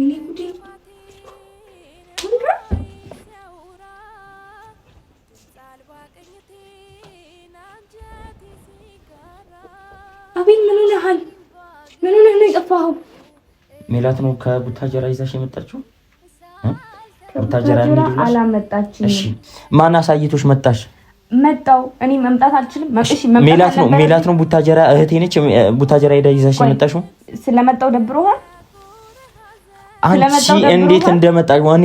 ወይኔ ጉዴ! አቤል ምን ሆነሃል? ምን ሆነህ ነው የጠፋኸው? ሜላት ነው ከቡታጀራ ይዛሽ የመጣችው? ቡታጀራ አላመጣችም። እሺ ማን አሳይቶሽ መጣሽ? መጣው እኔ መምጣት አልችልም። እሺ ሜላት ነው ሜላት ነው ቡታጀራ እህቴ ነች። ቡታጀራ ሄዳ ይዛሽ የመጣሽው? ስለመጣው ደብሮሃል? አንቺ እንዴት እንደመጣሽ ዋኔ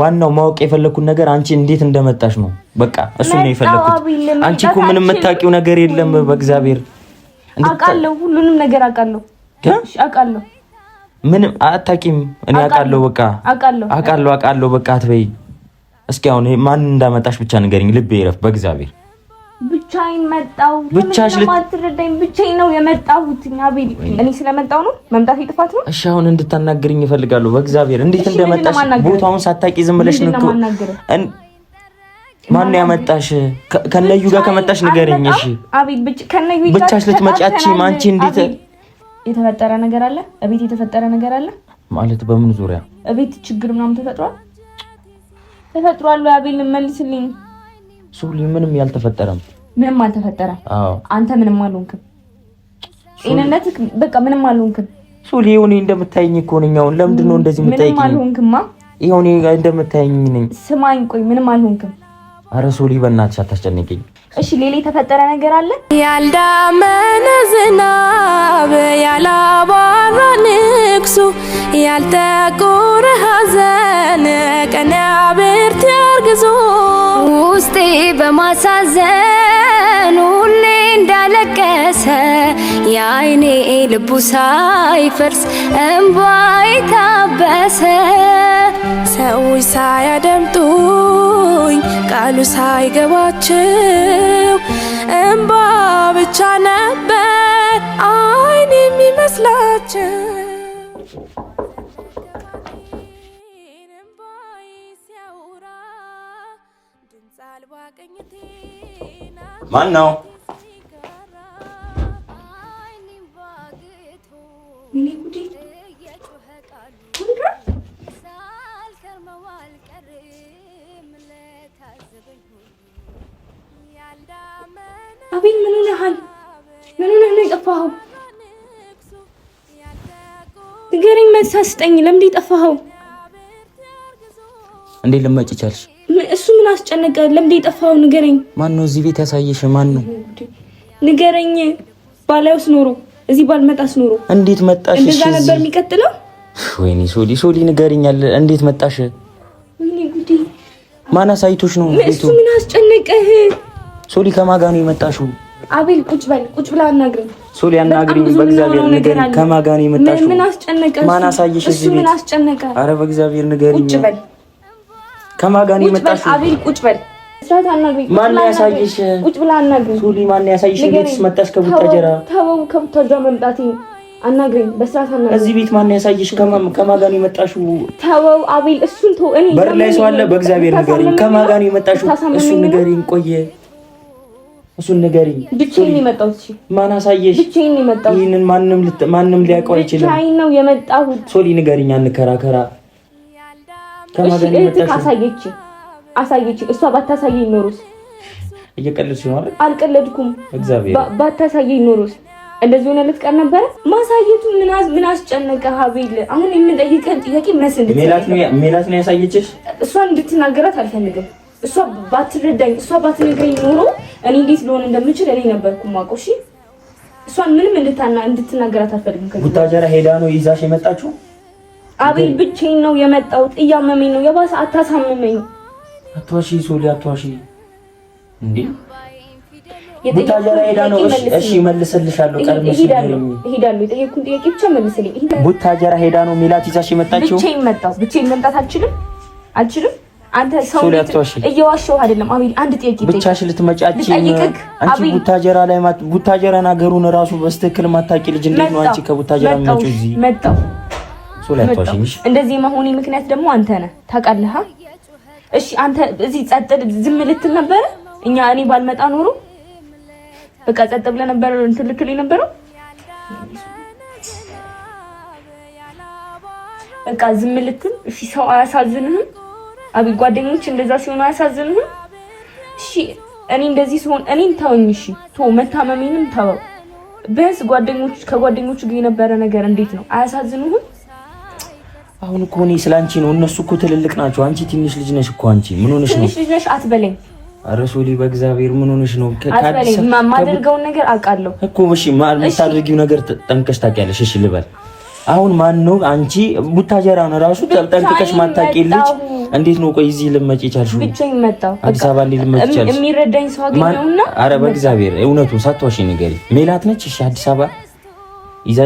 ዋናው ማወቅ የፈለግኩት ነገር አንቺ እንዴት እንደመጣሽ ነው። በቃ እሱ ነው የፈለግኩት። አንቺ እኮ ምንም የምታውቂው ነገር የለም። በእግዚአብሔር አውቃለሁ፣ ሁሉንም ነገር አውቃለሁ፣ አውቃለሁ። ምንም አታውቂም። እኔ አውቃለሁ፣ በቃ አውቃለሁ፣ አውቃለሁ፣ በቃ አትበይ። እስኪ አሁን ማን እንዳመጣሽ ብቻ ንገሪኝ። ልቤ ይረፍ፣ በእግዚአብሔር ብቻዬን መጣሁ። ብቻሽ ልትረዳኝ ብቻዬን ነው የመጣሁት። አቤል እኔ ስለመጣሁ ነው መምጣት የጥፋት ነው? እሺ አሁን እንድታናግርኝ እፈልጋለሁ። በእግዚአብሔር እንዴት እንደመጣሽ ቦታውን ሳታውቂ ዝም ብለሽ ነው። ማን ያመጣሽ? ከነዩ ጋር ከመጣሽ ንገረኝ። እሺ አቤል ብቻሽ ልትመጪ አትችይም አንቺ። እንዴት የተፈጠረ ነገር አለ? እቤት የተፈጠረ ነገር አለ ማለት በምን ዙሪያ? እቤት ችግር ምናምን ተፈጥሯል? ተፈጥሯል አቤል መልስልኝ። ሱሊ ምንም ያልተፈጠረም ምንም አልተፈጠረም። አንተ ምንም አልሆንክም። ጤንነት በቃ ምንም አልሆንክም። ሱሊ ይሁን እንደምታይኝ እኮ ነኝ። አሁን ለምንድን ነው እንደዚህ የምታይኝ? ምንም አልሆንክማ። ይሁን እንደምታይኝ ነኝ። ስማኝ፣ ቆይ ምንም አልሆንክም። አረ ሱሊ በእናትሽ አታስጨንቂኝ። እሺ ሌላ የተፈጠረ ነገር አለ? ያልዳመነ ዝናብ ያላባራ ንግሱ ያልጠቆረ ሐዘን ቀን ብርት ያርግዞ ውስጤ በማሳዘን ሁሌ እንዳለቀሰ የአይኔ ልቡ ሳይፈርስ እምባይ ታበሰ ሰዎች ሳያደምጡ ሆይ ቃሉ ሳይገባቸው እምባ ብቻ ነበር አይን የሚመስላቸው። ማን ነው? እኔ ጉዴ ቢል ምን ሆነሃል? ምን ሆነህ ነው የጠፋኸው? ንገረኝ። መልስ ስጠኝ። ለምንድን የጠፋኸው? እንዴት ልመጭ ቻልሽ? እሱ ምን አስጨነቀ? ለምንድን የጠፋኸው? ንገረኝ። ማን ነው እዚህ ቤት ያሳየሽ? ማን ነው? ንገረኝ። ባላውስ ኖሮ እዚህ ባልመጣስ ኖሮ። እንዴት መጣሽ? እንደዛ ነበር የሚቀጥለው። ወይኔ ሶሊ፣ ሶሊ ንገሪኛል። እንዴት መጣሽ? ወይኔ ጉዴ። ማን አሳይቶሽ ነው? እሱ ምን አስጨነቀህ? ሶሊ ከማጋ ነው የመጣሽው? አቤል ቁጭ በል ቁጭ ብላ አናግረኝ። ሶሊ አናግረኝ፣ በእግዚአብሔር ንገሪኝ። ከማጋ ነው የመጣሽው? ምን አስጨነቀ? ማን አሳየሽ? እዚህ ምን አስጨነቀ? አረ በእግዚአብሔር ንገሪኝ። ቁጭ በል። ከማን ነው የመጣሽው? አቤል ቁጭ በል። ማን ነው ያሳየሽ? ቁጭ ብላ አናግረኝ። ሶሊ ማን ነው ያሳየሽ? ቤትስ መጣሽ? ከቡታጀራ ተወው፣ ከቡታጀራ መምጣቴ አናግረኝ በስርዓት አናግረኝ። እዚህ ቤት ማን ያሳየሽ? ከማን ከማን ነው የመጣሽው? ተወው አቤል፣ እሱን ተው። እኔ በር ላይ ሰው አለ። በእግዚአብሔር ንገሪኝ፣ ከማጋ ነው የመጣሽው? እሱን ንገሪኝ። ቆየ እሱን ንገሪኝ። ብቻዬን ነው የመጣሁት። ማን አሳየሽ? ብቻዬን ነው የመጣሁት። ይሄንን ማንም ማንም ሊያውቀው አይችልም። ብቻዬን ነው የመጣሁት። ሶሊ ንገሪኝ፣ አንከራከራ። ከማገኝ መጣሽ? አሳየች አሳየች። እሷ ባታሳየኝ ኖሮስ። እየቀለድሽ ነው አይደል? አልቀለድኩም። እግዚአብሔር ባታሳየኝ ኖሮስ እንደዚህ ሆነ ልትቀር ነበረ። ማሳየቱ ምን አስጨነቀ? ሀቤል አሁን የምንጠይቀን ጥያቄ መስ ሜላት ነው ያሳየችሽ። እሷን እንድትናገራት አልፈልግም እሷ ባትረዳኝ እሷ ባትነግረኝ ኖሮ እኔ እንዴት ልሆን እንደምችል እኔ ነበርኩ ማቆሺ። እሷን ምንም እንድታና እንድትናገራት አልፈልግም። ቡታጀራ ሄዳ ነው ይዛሽ የመጣችው። አቤል ብቻዬን ነው የመጣሁት። እያመመኝ ነው። የባሰ አታሳምመኝ። አትዋሺ ሶሊ፣ አትዋሺ እንዴ! ቡታጀራ ሄዳ ነው። እሺ መልስልሻለሁ። ቀድመሽ ሄዳለሁ። የጠየኩህን ጥያቄ ብቻ መልስልኝ። ቡታጀራ ሄዳ ነው ሚላት ይዛሽ የመጣችው። ብቻዬን መጣሁ። ብቻዬን መምጣት አልችልም፣ አልችልም አንተ ሰው እየዋሸሁ አይደለም። አቤል አንድ ጥያቄ ብቻሽ ልትመጫች አንቺ ቡታጀራ ላይ ቡታጀራን ሀገሩን ራሱ በስትክክል ማታቂ ልጅ እንዴት ነው አንቺ ከቡታጀራ የሚመጪው እዚህ መጣው? እንደዚህ መሆኔ ምክንያት ደግሞ አንተ ነህ ታውቃለህ። እሺ አንተ እዚህ ጸጥ ዝም ልትል ነበረ። እኛ እኔ ባልመጣ ኖሮ በቃ ጸጥ ብለህ ነበረ እንትን ልትል የነበረው በቃ ዝም ልትል። እሺ ሰው አያሳዝንህም? አቤት ጓደኞች እንደዛ ሲሆኑ አያሳዝንህም? እሺ እኔ እንደዚህ ሲሆን እኔን ተወኝ። እሺ ቶ መታመሜንም ተወው። ቢያንስ ጓደኞች ከጓደኞቹ ጋር የነበረ ነገር እንዴት ነው አያሳዝንህም? አሁን እኮ እኔ ስለ አንቺ ነው። እነሱ እኮ ትልልቅ ናቸው። አንቺ ትንሽ ልጅ ነሽ እኮ። አንቺ ምን ሆነሽ ነው? ትንሽ ልጅ ነሽ አትበለኝ። ኧረ ሶሊ በእግዚአብሔር ምን ሆነሽ ነው? አትበለኝ። የማደርገውን ነገር አውቃለሁ እኮ። እሺ የምታደርጊው ነገር ጠንቀሽ ታውቂያለሽ። እሺ ልበል አሁን ማን ነው አንቺ ቡታጀራ ነው ራሱ ጠንቅቀሽ ማታቂ ልጅ እንዴት ነው ቆይ እዚህ ልመጪ ቻልሽ? ብቻዬን መጣሁ አዲስ አበባ እንዴት ልመጪ ቻልሽ? የሚረዳኝ ሰው አገኘሁና፣ ኧረ በእግዚአብሔር እውነቱን ሳትዋሽ ንገሪ። ሜላት ነች? እሺ አዲስ አበባ ይዛ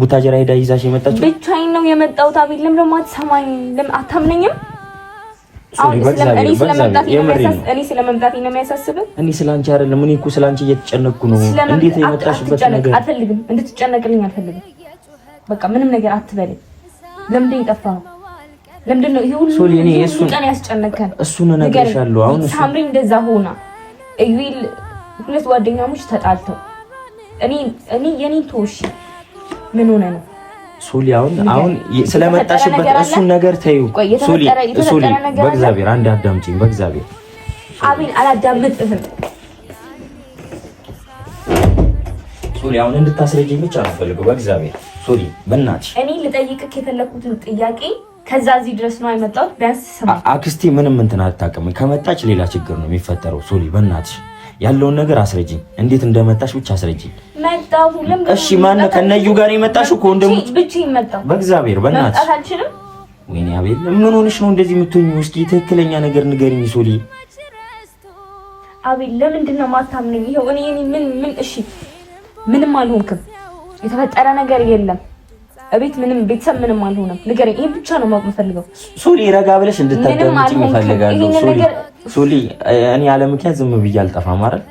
ቡታጀራ ሄዳ ይዛሽ የመጣችው ብቻዬን ነው የመጣሁት። አቤል ለምን ደግሞ አትሰማኝ? ለምን አታምነኝም? እኔ ስለመምጣቴ ነው የሚያሳስብህ? እኔ ስለአንቺ አይደለም። እኔ እኮ ስለአንቺ እየተጨነቅኩ ነው። እንዴት የመጣሽበት ነገር አልፈልግም። እንድትጨነቅልኝ አልፈልግም በቃ ምንም ነገር አትበለኝ። ለምንድን የጠፋኸው? ለምንድን ነው ይሄ ሁሉ ቀን ያስጨነቀን? እሱን እነግርሻለሁ። አሁን ሳምሪ እንደዛ ሆና እዩል ሁለት ጓደኛሞች ተጣልተው እኔ እኔ የኔ ተውሽ ምን ሆነ ነው ሱሊ አሁን አሁን ስለመጣሽበት እሱን ነገር ተይው። ሱሊ ሱሊ በእግዚአብሔር አንድ አዳምጪኝ። በእግዚአብሔር አቤል አላዳምጥህም። ሱሊ አሁን እንድታስረጅኝ ብቻ ነው ፈልገው በእግዚአብሔር ሶሪ በእናትሽ እኔ ልጠይቅህ የፈለኩትን ጥያቄ ከዛ እዚህ ድረስ ነው የመጣሁት። ቢያንስ ስማ አክስቴ ምንም እንትን አታውቅም። ከመጣች ሌላ ችግር ነው የሚፈጠረው። ሶሪ በእናትሽ ያለውን ነገር አስረጅኝ። እንዴት እንደመጣሽ ብቻ አስረጅኝ። መጣሁ ለምን? እሺ ማን ነው ከነዩ ጋር የመጣሽ? ከወንድሙ ብቻዬን መጣሁ። በእግዚአብሔር በእናትሽ መጣታችንም ወይኔ አቤል ምን ሆነሽ ነው እንደዚህ የምትሆኚ? እስኪ ትክክለኛ ነገር ንገሪኝ ሶሊ። አቤል ለምንድን ነው ማታምነኝ? ይኸው እኔ ምን ምን እሺ ምንም አልሆንክም የተፈጠረ ነገር የለም። እቤት ምንም ቤተሰብ ምንም አልሆነም። ንገረኝ። ይሄን ብቻ ነው ማወቅ የምፈልገው። ሱሊ፣ ረጋ ብለሽ እንድታዳምጪ እፈልጋለሁ። ሱሊ፣ እኔ ያለ ምክንያት ዝም ብዬ አልጠፋም አይደል?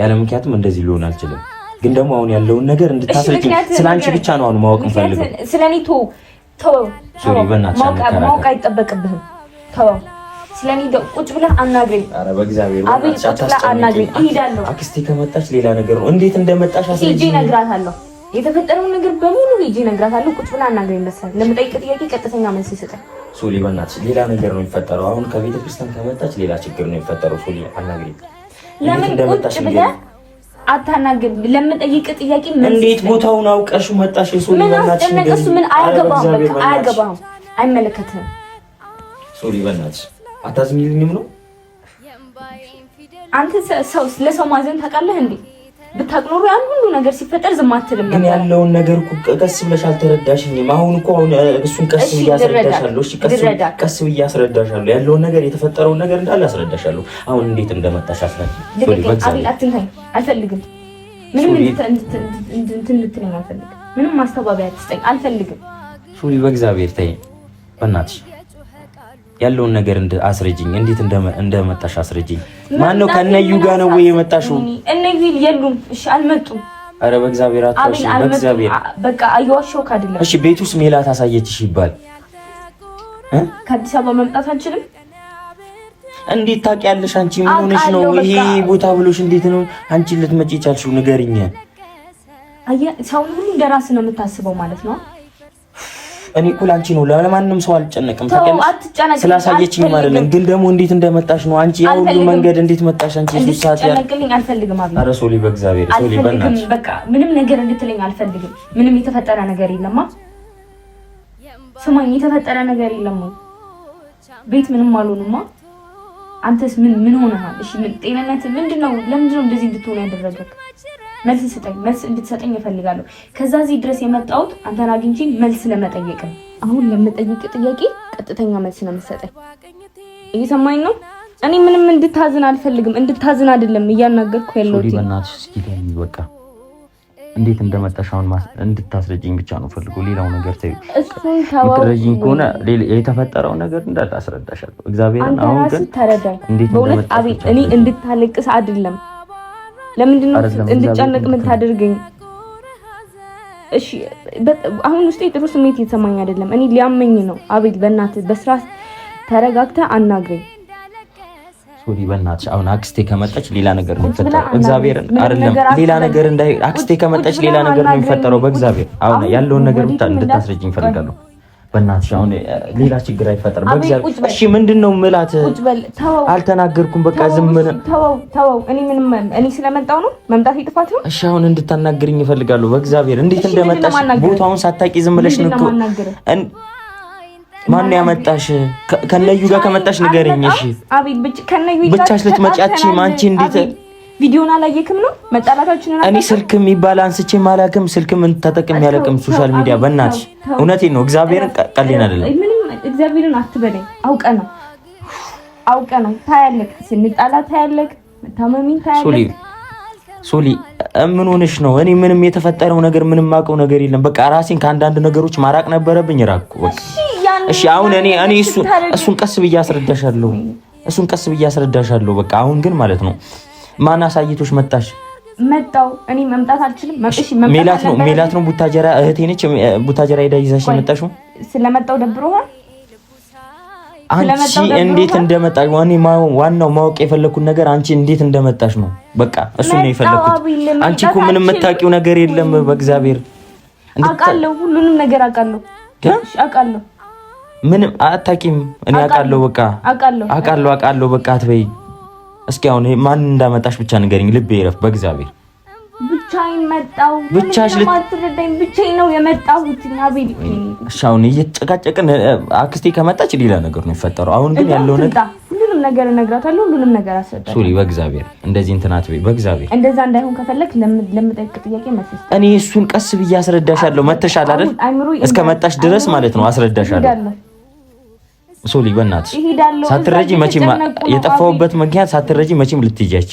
ያለ ምክንያትም እንደዚህ ሊሆን አልችልም። ግን ደግሞ አሁን ያለውን ነገር እንድታስረጂ ስለአንቺ ብቻ ነው አሁን ማወቅ የምፈልገው። ስለኔ ቶ ቶ ሱሊ፣ በእናትሽ ማወቅ አይጠበቅብህም። ቶ ስለኔ ቁጭ ብለህ አናግረኝ። ኧረ በእግዚአብሔር አቤት፣ ቁጭ ብለህ አናግረኝ። እሄዳለሁ። አክስቴ ከመጣች ሌላ ነገር ነው። እንዴት እንደመጣሽ አስረጂኝ፣ እነግራታለሁ የተፈጠረውን ነገር በሙሉ ሄጄ እነግራታለሁ። ቁጭ ብላ እናገኝ ይመስላል። ለምጠይቅ ጥያቄ ቀጥተኛ መልስ ይሰጣል። ሱሊ በእናትሽ ሌላ ነገር ነው የሚፈጠረው። አሁን ከቤተ ክርስቲያን ከመጣች ሌላ ችግር ነው የሚፈጠረው። ሱሊ አናግሪ። ለምን ቁጭ ብለህ አታናግር? ለምጠይቅ ጥያቄ እንዴት ቦታውን አውቀሽ መጣሽ? ሱሊ በእናትሽ ምን አያገባም፣ በቃ አያገባም፣ አይመለከትም። ሱሊ በእናትሽ አታዝኝልኝም ነው አንተ ሰው ለሰው ማዘን ታውቃለህ እንዴ? ብታቅኖሩ ያን ሁሉ ነገር ሲፈጠር ዝም አትልም። ግን ያለውን ነገር እኮ ቀስ ብለሽ አልተረዳሽኝም። አሁን እኮ አሁን እሱን ቀስ ብዬ አስረዳሻለሁ። እሺ ቀስ ብዬ አስረዳሻለሁ። ያለውን ነገር የተፈጠረውን ነገር እንዳለ አስረዳሻለሁ። አሁን እንዴት እንደመጣሽ አስረዳ። አቤል አልፈልግም። ምንም እንድትለኝ አልፈልግም። ምንም ማስተባበያ አትስጠኝ፣ አልፈልግም። ሱሪ፣ በእግዚአብሔር ተይኝ፣ በእናትሽ ያለውን ነገር አስረጅኝ። እንዴት እንደመጣሽ አስረጅኝ። ማን ነው ከነዩ ጋር ነው ወይ የመጣሽው? እነዩ የሉም። እሺ፣ አልመጡም። አረ በእግዚአብሔር አታውሽ፣ በእግዚአብሔር በቃ አየዋሸው ካደለም። እሺ፣ ቤት ውስጥ ሜላ ታሳየችሽ ይባል ከአዲስ አበባ መምጣት አንችልም። እንዴት ታውቂያለሽ? አንቺ ምን ሆነሽ ነው ይሄ ቦታ ብሎሽ? እንዴት ነው አንቺ ልትመጪ ቻልሽው? ንገሪኝ። አየ ሰው ሁሉ እንደራስ ነው የምታስበው ማለት ነው። እኔ እኮ ላንቺ ነው፣ ለማንም ሰው አልጨነቅም። ስላሳየችኝ ማለት ነው። ግን ደግሞ እንዴት እንደመጣሽ ነው አንቺ ያ ሁሉ መንገድ እንዴት መጣሽ አንቺ? ሶስት ሰዓት ያለ አልፈልግም። አረ ሶሊ፣ በእግዚአብሔር ሶሊ፣ በእናትሽ በቃ ምንም ነገር እንድትለኝ አልፈልግም። ምንም የተፈጠረ ነገር የለማ። ስማኝ፣ የተፈጠረ ነገር የለማ። ቤት ምንም አልሆንማ። አንተስ ምን ምን ሆነሃል? እሺ፣ ምን ጤንነት ምንድነው? ነው እንደዚህ እንድትሆን ያደረገው? መልስ ስጠኝ፣ መልስ እንድትሰጠኝ እፈልጋለሁ። ከዛ እዚህ ድረስ የመጣሁት አንተን አግኝቼ መልስ ለመጠየቅ ነው። አሁን ለምጠይቅ ጥያቄ ቀጥተኛ መልስ ነው የምትሰጠኝ። እየሰማኝ ነው? እኔ ምንም እንድታዝን አልፈልግም። እንድታዝን አይደለም እያናገርኩ ያለው። በእናትሽ እስኪ ተይኝ በቃ። እንዴት እንደመጣሽ አሁን እንድታስረጅኝ ብቻ ነው ፈልጎ፣ ሌላው ነገር ተይው። እሱን ተወው። ረጅኝ ከሆነ የተፈጠረው ነገር እንዳለ አስረዳሻለሁ። እግዚአብሔርን አሁን ግን በእውነት እንደመጣሽ እኔ እንድታለቅስ አይደለም ለምንድን ነው እንድጨነቅ የምታደርገኝ? እሺ አሁን ውስጤ ጥሩ ስሜት የተሰማኝ አይደለም። እኔ ሊያመኝ ነው። አቤል በእናት በስርዓት ተረጋግተ አናግረኝ። ሶሪ በእናትሽ አሁን አክስቴ ከመጣች ሌላ ነገር ነው የሚፈጠረው። እግዚአብሔር አይደለም ሌላ ነገር እንዳይ አክስቴ ከመጣች ሌላ ነገር ነው የሚፈጠረው። በእግዚአብሔር አሁን ያለውን ነገር እንድታስረጅኝ እፈልጋለሁ። በእናትሽ አሁን ሌላ ችግር አይፈጠርም። በእግዚአብሔር እሺ። ምንድን ነው ምላት? አልተናገርኩም። በቃ ዝም ተወው። እኔ ምንም እኔ ነው መምጣት የጥፋት ነው። እሺ፣ አሁን እንድታናግርኝ እፈልጋለሁ። በእግዚአብሔር እንዴት እንደመጣሽ ቦታውን ሳታቂ ዝም ብለሽ ነው። ማን ያመጣሽ? ከነዩ ጋር ከመጣሽ ንገረኝ። እሺ፣ አቤት ብቻ ከነዩ ብቻሽ ልትመጪ አንቺ እንዴት ቪዲዮን አላየክም ነው መጣላታችንን? እኔ ስልክ የሚባል አንስቼ ማላክም ያለቅም ሶሻል ሚዲያ ነው። እግዚአብሔርን አይደለም። እግዚአብሔርን አትበለኝ። አውቀ ነው አውቀ ነው። ታያለክ፣ ስንጣላ ታያለክ፣ ታያለክ። ሶሊ ምን ሆነሽ ነው? እኔ ምንም የተፈጠረው ነገር ምንም አውቀው ነገር የለም። በቃ ራሴን ከአንዳንድ ነገሮች ማራቅ ነበረብኝ። እሺ አሁን እኔ እኔ እሱን ቀስ ብዬ አስረዳሻለሁ። እሱን ቀስ ብዬ አስረዳሻለሁ። በቃ አሁን ግን ማለት ነው ማን አሳይቶሽ መጣሽ? መጣው እኔ መምጣት አልችልም። ሜላት ነው ሜላት ነው ቡታጀራ እህቴ ነች። ቡታጀራ ሄዳ ይዛሽ መጣሽ። ስለመጣው ደብሮሃል። አንቺ እንዴት እንደመጣሽ ዋኔ ዋናው ማወቅ የፈለኩት ነገር አንቺ እንዴት እንደመጣሽ ነው። በቃ እሱ ነው የፈለኩት። አንቺ እኮ ምንም የምታውቂው ነገር የለም። በእግዚአብሔር አውቃለሁ፣ ሁሉንም ነገር አውቃለሁ፣ አውቃለሁ። ምንም አታውቂም። እኔ አውቃለሁ፣ በቃ አውቃለሁ፣ አውቃለሁ፣ በቃ አትበይ እስኪ አሁን ማን እንዳመጣሽ ብቻ ንገሪኝ። ልቤ ይረፍ በእግዚአብሔር። ብቻዬን መጣሁ። ብቻሽ ልትረዳኝ ብቻዬን ነው የመጣሁት። አቤል እሺ፣ አሁን እየተጨቃጨቅን አክስቴ ከመጣች ሌላ ነገር ነው የሚፈጠረው። አሁን ግን ያለው ነገር ሁሉንም ነገር እነግራታለሁ። ሁሉንም ነገር አሰዳለሁ። ሱሪ በእግዚአብሔር እንደዚህ እንትን አትበይ በእግዚአብሔር። እንደዛ እንዳይሆን ከፈለግ ለምጠይቅ ጥያቄ መሰስ እኔ እሱን ቀስ ብዬ አስረዳሻለሁ። መተሻል አይደል? እስከ መጣሽ ድረስ ማለት ነው አስረዳሻለሁ ሶሊ በእናትሽ ሳትረጂ መቼም የጠፋሁበት ምክንያት ሳትረጂ መቼም ልትጃች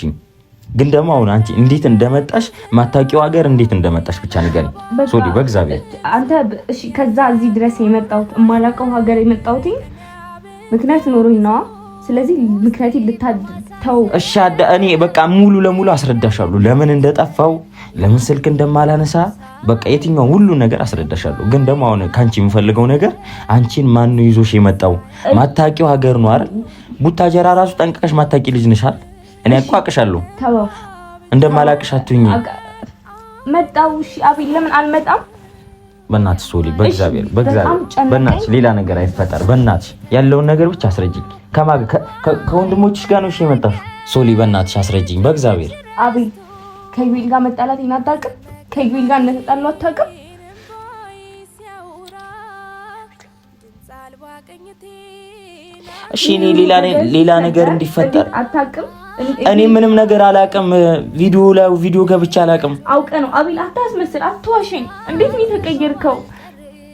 ግን ደግሞ አሁን አንቺ እንዴት እንደመጣሽ ማታውቂው ሀገር እንዴት እንደመጣሽ ብቻ ንገሪኝ ሶሊ በእግዚአብሔር አንተ እሺ ከዛ እዚህ ድረስ የመጣሁት የማላውቀው ሀገር የመጣሁት ምክንያት ኖሮኝ ነዋ ስለዚህ ምክንያት ልታተው እሺ እኔ በቃ ሙሉ ለሙሉ አስረዳሻለሁ ለምን እንደጠፋው ለምን ስልክ እንደማላነሳ በቃ የትኛው ሁሉ ነገር አስረዳሻለሁ። ግን ደግሞ አሁን ከአንቺ የምፈልገው ነገር አንቺን ማን ነው ይዞሽ የመጣው? ማታቂው ሀገር ነው አይደል? ቡታጀራ ራሱ ጠንቅቀሽ ማታቂ ልጅ ነሻል። እኔ እኮ አቅሻለሁ። እንደማላቅሽ አትሁኝ። መጣው አቤል፣ ለምን አልመጣም? በእናትሽ ሶሊ፣ በእግዚአብሔር በእግዚአብሔር፣ በእናትሽ ሌላ ነገር አይፈጠር። በእናትሽ ያለውን ነገር ብቻ አስረጅኝ። ከማ ከወንድሞችሽ ጋር ነው እሺ የመጣሽው? ሶሊ፣ በእናትሽ አስረጅኝ፣ በእግዚአብሔር አቤል ከዩኤል ጋር መጣላት አታውቅም። ከዩኤል ጋር እንደተጣሉ አታውቅም። እሺ እኔ ሌላ ነገር እንዲፈጠር አታውቅም። እኔ ምንም ነገር አላውቅም። ቪዲዮ ላይ ቪዲዮ ገብቼ አላውቅም። አውቀ ነው አቤል፣ አታስመስል፣ አትዋሽኝ። እንዴት ነው የተቀየርከው?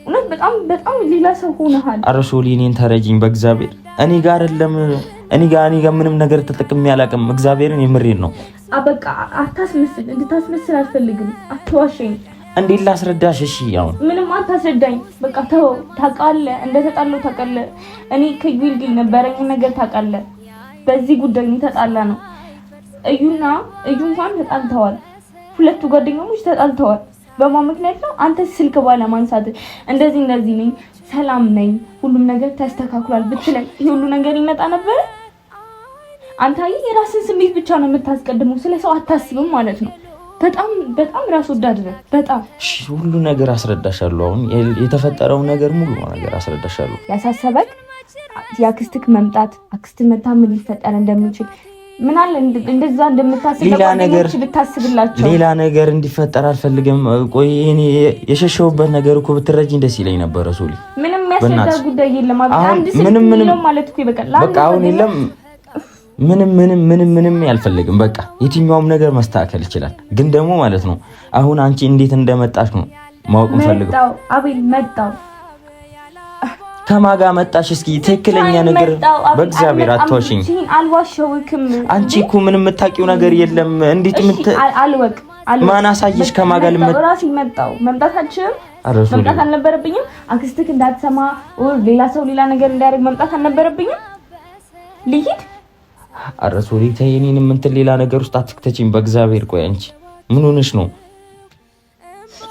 እውነት በጣም በጣም ሌላ ሰው ሆነሃል። አረሶ እኔን ተረጅኝ በእግዚአብሔር። እኔ ጋር አይደለም እኔ ጋር እኔ ጋር ምንም ነገር ተጠቅሜ አላውቅም። እግዚአብሔርን የምሬን ነው በቃ አታስመስል፣ እንድታስመስል አልፈልግም። አትዋሸኝ። እንዴት ላስረዳሽ? እሺ አሁን ምንም አታስረዳኝ። በቃ ተው። ታውቃለህ፣ ታውቃለህ። እኔ ነበረኝ ነገር ታውቃለህ። በዚህ ጉዳይ ተጣላ ነው። እዩና እዩ እንኳን ተጣልተዋል። ሁለቱ ጓደኛሞች ተጣልተዋል። በማ ምክንያት ነው? አንተ ስልክ እንደዚህ እንደዚህ ነኝ፣ ሰላም ነኝ፣ ሁሉም ነገር ተስተካክሏል ብትለኝ ይህ ሁሉ ነገር ይመጣ ነበር? አንተ የራስን ስሜት ብቻ ነው የምታስቀድመው፣ ስለ ሰው አታስብም ማለት ነው። በጣም በጣም ራስ ወዳድ ነህ። በጣም ሁሉ ነገር አስረዳሻለሁ። አሁን የተፈጠረው ነገር ሙሉ ነገር አስረዳሻለሁ። ያሳሰበክ የአክስትክ መምጣት አክስት መታ ምን ሊፈጠር እንደሚችል ምናል እንደዛ እንደምታስብ ብታስብላቸው ሌላ ነገር እንዲፈጠር አልፈልግም። ቆይ እኔ የሸሸውበት ነገር እኮ ብትረጂኝ ደስ ይለኝ ነበረ። ሶሊ ምንም ያስረዳ ጉዳይ የለም። አንድ ስልክ ምንም ማለት እኮ ይበቃል። በቃ አሁን የለም ምንም ምንም ምንም ምንም ያልፈልግም በቃ የትኛውም ነገር መስተካከል ይችላል። ግን ደግሞ ማለት ነው አሁን አንቺ እንዴት እንደመጣሽ ነው ማወቅ ምፈልገው። አቤል መጣው ከማጋ መጣሽ? እስኪ ትክክለኛ ነገር በእግዚአብሔር አትዋሽኝ። አንቺ እኮ ምንም የምታውቂው ነገር የለም። እንዴት ምት አልወቅ ማን አሳየሽ? ከማጋ ልመጣ ራሴ መጣው መምጣታችን መምጣት አልነበረብኝም። አክስትክ እንዳትሰማ ሌላ ሰው ሌላ ነገር እንዳያደርግ መምጣት አልነበረብኝም። ልሂድ አረሱ ሪታ የኔን እንትን ሌላ ነገር ውስጥ አትክተችኝ በእግዚአብሔር። ቆይ አንቺ ምን ሆነሽ ነው?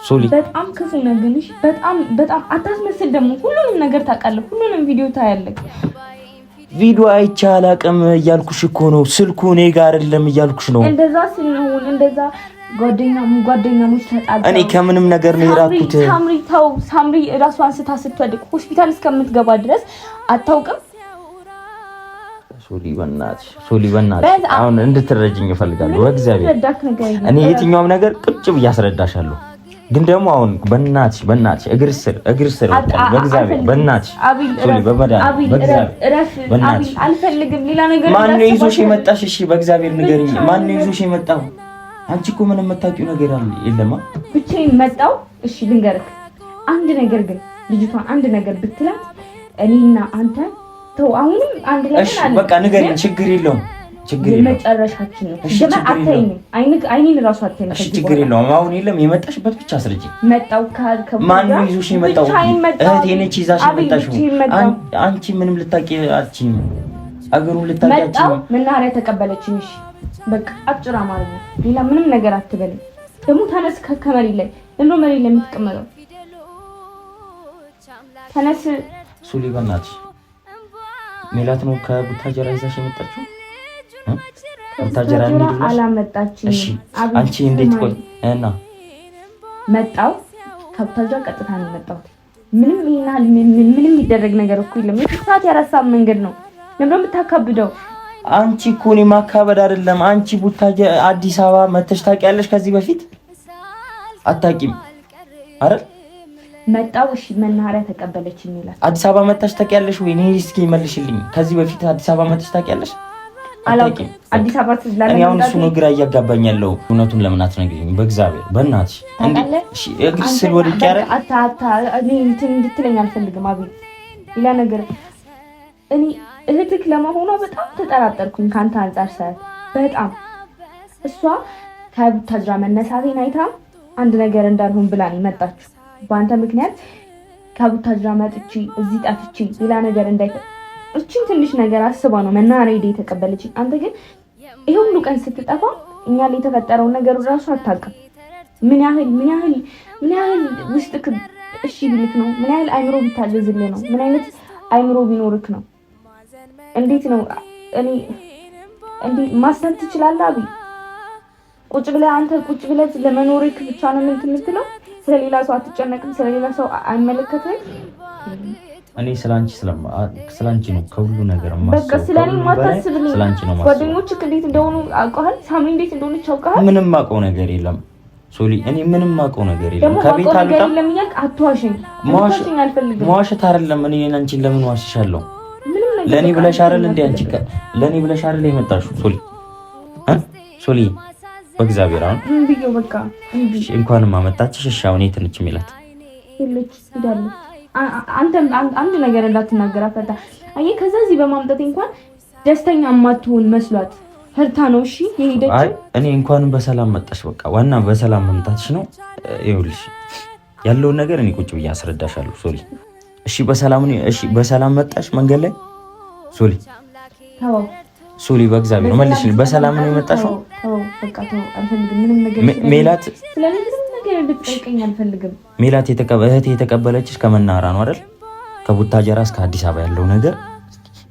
ሶሊ በጣም ክፉ ነግንሽ። በጣም በጣም አታስመስል ደግሞ። ሁሉንም ነገር ታውቃለህ፣ ሁሉንም ቪዲዮ ታያለህ። ቪዲዮ አይቼ አላቅም እያልኩሽ እኮ ነው። ስልኩ እኔ ጋር አይደለም እያልኩሽ ነው። እንደዛ ስንሆን እንደዛ ጓደኛሞች ተጣሉ። እኔ ከምንም ነገር ነው የራኩት። ሳምሪ ተው፣ ሳምሪ ራሷን ስታ ስትወድቅ ሆስፒታል እስከምትገባ ድረስ አታውቅም ሶሊ በእናትሽ ሶሊ በእናትሽ አሁን እንድትረጅኝ እፈልጋለሁ። በእግዚአብሔር እኔ የትኛውም ነገር ቁጭ ብዬ አስረዳሻለሁ፣ ግን ደግሞ አሁን በእናትሽ በእናትሽ እግር ስር እግር ስር በእግዚአብሔር በእናትሽ ሶሊ በመድኃኒዓለም ነገር ማነው ይዞሽ የመጣሽ? እሺ በእግዚአብሔር ንገሪኝ፣ ማነው ይዞሽ የመጣው? አንቺ እኮ ምንም የምታውቂው ነገር አለ የለማ። ብቻዬን መጣሁ። እሺ ልንገርህ አንድ ነገር ግን ልጅቷ አንድ ነገር ብትላት እኔና አንተ ተው አሁንም አንድ ላይ በቃ ንገሪኝ። ችግር የለውም ችግር የለውም። መጨረሻችን ነው። አይኔን ራሱ አታይም። ችግር የለውም። አሁን የለም የመጣሽበት ብቻ አስረጅ። መጣው ይዞሽ የመጣው? እህቴ ነች ይዛሽ የመጣሽው። አንቺ ምንም ልታቂ አልችም። አገሩን ልታቂ አልችም። መናኸሪያ ተቀበለችኝ። እሺ በቃ አጭር አማርኛ፣ ሌላ ምንም ነገር አትበልም። ደግሞ ተነስ ከመሬት ላይ እንዶ መሬት ላይ ተነስ ሱሊ በእናትሽ ሜላት ነው ከቡታጀራ ይዛሽ የመጣችው? ቡታጀራ አላመጣችም። እሺ አንቺ እንዴት ቆይ እና መጣው ከቡታጀራ ቀጥታ ነው የመጣሁት። ምንም ይና ምንም የሚደረግ ነገር እኮ የለም። ፍታት ያረሳ መንገድ ነው ለምን የምታካብደው? አንቺ እኮ እኔ ማካበድ አይደለም። አንቺ ቡታጀራ አዲስ አበባ መተሽ ታውቂያለሽ? ከዚህ በፊት አታውቂም አይደል? መጣው እሺ፣ መናኸሪያ ተቀበለች የሚላት አዲስ አበባ መጣሽ ታውቂያለሽ ወይ? እኔ እስኪ መልሽልኝ። ከዚህ በፊት አዲስ አበባ መጣሽ ታውቂያለሽ? አላውቅም። አዲስ አበባ ትዝላለህ? እኔ አሁን እሱ ነው ግራ እያጋባኝ ያለው። እውነቱን ለምን አትነግሪኝ? በእግዚአብሔር በእናትሽ እሺ። እግር ስል ወድቄ አይደል? አታ አታ እኔ እንትን እንድትለኝ አልፈልግም። አቤት፣ ሌላ ነገር እኔ እህትክ ለመሆኗ በጣም ተጠራጠርኩኝ። ከአንተ አንጻር ሰዓት በጣም እሷ ከቡታጅራ መነሳቴን አይታ አንድ ነገር እንዳልሆን ብላ መጣችሁ በአንተ ምክንያት ከቡታጅራ መጥቼ እዚህ ጠፍቼ ሌላ ነገር እንዳይ እችን ትንሽ ነገር አስባ ነው መናሪ ሄደ የተቀበለች። አንተ ግን ይሄ ሁሉ ቀን ስትጠፋ እኛ ላይ የተፈጠረውን ነገር ራሱ አታውቅም። ምን ያህል ምን ያህል ምን ያህል ውስጥ እሺ ቢልክ ነው? ምን ያህል አይምሮ ቢታዘዝልህ ነው? ምን አይነት አይምሮ ቢኖርክ ነው? እንዴት ነው እኔ እንዴ ማሰብ ትችላለህ? አብይ ቁጭ ብለህ አንተ ቁጭ ብለህ ለመኖርክ ብቻ ነው ምን የምትለው ስለሌላ ሰው አትጨነቅም፣ ስለሌላ ሰው አይመለከትም። እኔ ስላንቺ ስላንቺ ነው ከሁሉ ነገር በቃ ስለኔ ማታስብልኝ ስላንቺ ነው። ጓደኞችህ እንዴት እንደሆኑ አውቀሃል፣ ሳሚ እንዴት እንደሆነች አውቀሃል። ምንም አውቀው ነገር የለም ሶሊ፣ እኔ ምንም አውቀው ነገር የለም። ከቤት አልወጣ አትዋሽኝ። አልፈልግም። መዋሸት አይደለም። እኔ አንቺን ለምን ዋሽሻለሁ? ለእኔ ብለሽ አይደል እንዴ አንቺ ለእኔ ብለሽ አይደል የመጣሽው ሶሊ ሶሊ በእግዚአብሔር አሁን እንኳንም አመጣች እሺ አሁን የት ነች የሚላት? አንተም አንድ ነገር እንዳትናገር ፈርታ አየህ። ከዛዚህ በማምጣት እንኳን ደስተኛ ማትሆን መስሏት ፈርታ ነው። እሺ የሄደችው። አይ እኔ እንኳንም በሰላም መጣሽ። በቃ ዋና በሰላም መምጣትሽ ነው። ይኸውልሽ ያለውን ነገር እኔ ቁጭ ብዬ አስረዳሻለሁ። ሶሊ እሺ፣ በሰላም እሺ፣ በሰላም መጣሽ መንገድ ላይ ሶሊ ሶሊ፣ በእግዚአብሔር መልሽ። በሰላም ነው የመጣሽው ሜላት ሜላት እህቴ የተቀበለችሽ ከመናራ ነው አይደል? ከቡታጀራ እስከ አዲስ አበባ ያለው ነገር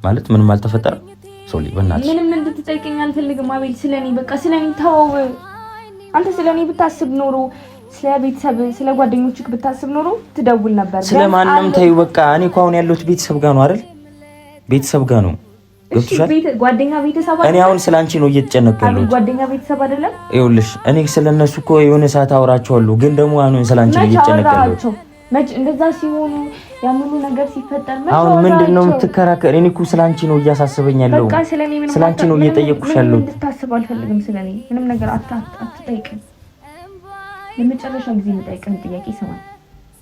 ማለት ምንም አልተፈጠረም። ሶሊ በእናትሽ ምንም እንድትጠይቀኝ አልፈልግም። አቤል ስለኔ በቃ ስለኔ ተወው። አንተ ስለኔ ብታስብ ኖሮ ስለ ቤተሰብ ስለ ጓደኞችህ ብታስብ ኖሮ ትደውል ነበር። ስለማንም ተይው በቃ። እኔ እኮ አሁን ያለሁት ቤተሰብ ጋር ነው አይደል? ቤተሰብ ጋር ነው ጓደኛ እኔ አሁን ስለ አንቺ ነው እየተጨነቅኩ ያለሁት። ጓደኛ ቤተሰብ አይደለም። ይኸውልሽ እኔ ስለ እነሱ እኮ የሆነ ሰዓት አውራቸዋለሁ፣ ግን ደግሞ አሁን ስለ አንቺ ነው እየተጨነቅኩ ያለሁት። እንደዛ ሲሆኑ ያምኑ ነገር ሲፈጠር መች አሁን ምንድን ነው የምትከራከር? እኔ እኮ ስለ አንቺ ነው እያሳስበኝ ያለሁት። ስለ አንቺ ነው እየጠየቅኩሽ ያለሁት። እንድታስብ አልፈልግም። ስለ እኔ ምንም ነገር አትጠይቅም። ለመጨረሻ ጊዜ የምጠይቅም ጥያቄ ይሰማል።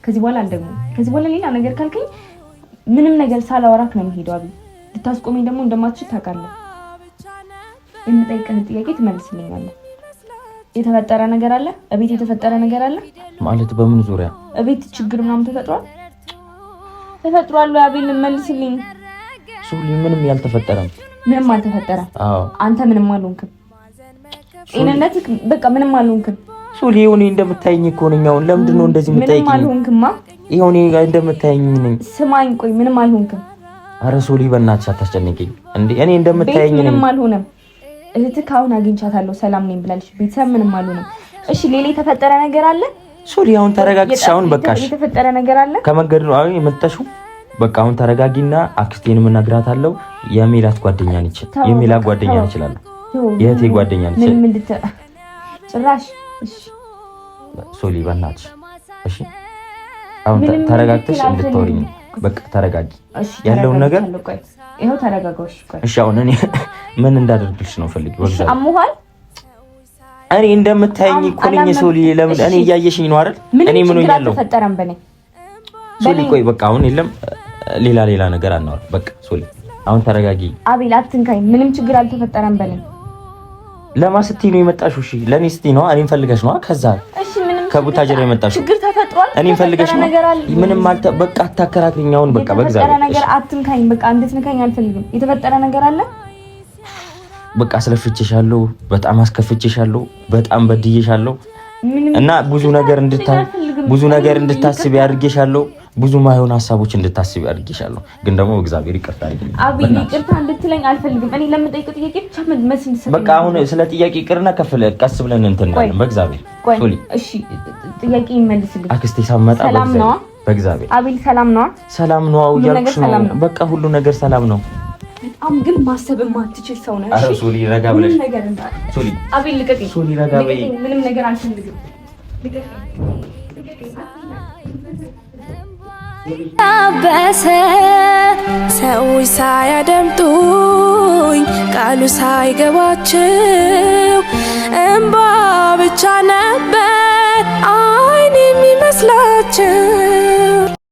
ከዚህ በኋላ አልደግሞም። ከዚህ በኋላ ሌላ ነገር ካልከኝ ምንም ነገር ሳላወራክ ነው የምሄደው አብይ ልታስቆመኝ ደግሞ እንደማትችል ታውቃለህ። የምጠይቀን ጥያቄ ትመልስልኛለህ። የተፈጠረ ነገር አለ? እቤት የተፈጠረ ነገር አለ ማለት በምን ዙሪያ? እቤት ችግር ምናምን ተፈጥሯል? ተፈጥሯል አቤል? መልስልኝ። ሱሊ፣ ምንም ያልተፈጠረም። ምንም አልተፈጠረም። አንተ ምንም አልሆንክም። ጤንነት በቃ ምንም አልሆንክም። ሱሊ፣ ይሁን እንደምታይኝ እኮ ነኝ። አሁን ለምንድን ነው እንደዚህ የምታይኝ? ምንም አልሆንክማ። ይሁን እንደምታይኝ ነኝ። ስማኝ፣ ቆይ ምንም አልሆንክም አረ ሶሊ በእናትሽ አታስጨንቂኝ። እኔ እንደምታየኝ ምንም አልሆነም። እህት ካሁን አግኝቻታለሁ ሰላም ነኝ ብላለች። ቤተሰብ ምንም አልሆነም። እሺ ሌላ የተፈጠረ ነገር አለ? ሶሊ አሁን ተረጋግተሽ አሁን በቃሽ። የተፈጠረ ነገር አለ ከመንገድ ነው አሁን የመጣሽው። በቃ አሁን ተረጋጊና አክስቴንም እነግራታለሁ። የሜላት ጓደኛ ነች። የሜላት ጓደኛ ነች እላለሁ። የእህቴ ጓደኛ ነች። ምን ጭራሽ። እሺ ሶሊ በእናትሽ እሺ፣ አሁን ተረጋግተሽ እንድታወሪኝ በቃ ተረጋጊ። ያለውን ነገር ይኸው ተረጋጋሽ። እሺ አሁን እኔ ምን እንዳደርግልሽ ነው ፈልጊ። አሞሃል። እኔ እንደምታየኝ እኮ ነኝ። ሰው ለምን እኔ እያየሽኝ ነው አይደል? እኔ ምን ሆኛለሁ? ሶሊ ቆይ በቃ አሁን የለም ሌላ ሌላ ነገር አናወራ። በቃ ሶሊ አሁን ተረጋጊ። አቤል አትንካኝ። ምንም ችግር አልተፈጠረም። በኔ ለማን ስትይ ነው የመጣሽው? እሺ ለእኔ ስትይ ነው። እኔን ፈልገሽ ነው ከዛ እሺ፣ ምንም ከቡታጀራ የመጣሽው። ችግር እኔ ፈልገሽ ነው። ምንም አልተ በቃ አታከራክሪኝ። አሁን በቃ በእግዚአብሔር ነገር አትንካኝ። በቃ እንድትንካኝ አልፈልግም። የተፈጠረ ነገር አለ። በቃ አስለፍቼሻለሁ፣ በጣም አስከፍቼሻለሁ፣ በጣም በድዬሻለሁ እና ብዙ ነገር እንድታ ብዙ ነገር እንድታስቢ አድርጌሻለሁ። ብዙ ማይሆን ሀሳቦች እንድታስቢ አድርጌሻለሁ። ግን ደግሞ እግዚአብሔር ይቅርታ አይደል? አብይ ይቅርታ እንድትለኝ አልፈልግም። እኔ ለምጠይቀው ጥያቄ ብቻ መልስ እንድትሰጠኝ በቃ አሁን ስለ ጥያቄ ይቅርና ከፍለ ቀስ ብለን እንትን እንላለን። በእግዚአብሔር እሺ ጥያቄ ይመልስልኝ። አክስቴ ሳመጣ ሰላም ነው በእግዚአብሔር አቤል ሰላም ነው ሰላም ነው እያልኩሽ ነው። በቃ ሁሉ ነገር ሰላም ነው። በጣም ግን ማሰብ የማትችል ሰው ነህ። እሺ ሱሊ ረጋ ብለሽ ሱሊ አቤል ልቀቂ ሱሊ ረጋ በይ። ምንም ነገር አልፈልግም። ታበሰ ሰዎች ሳያደምጡኝ ቃሉ ሳይገባቸው እንባ ብቻ ነበር አይን የሚመስላቸው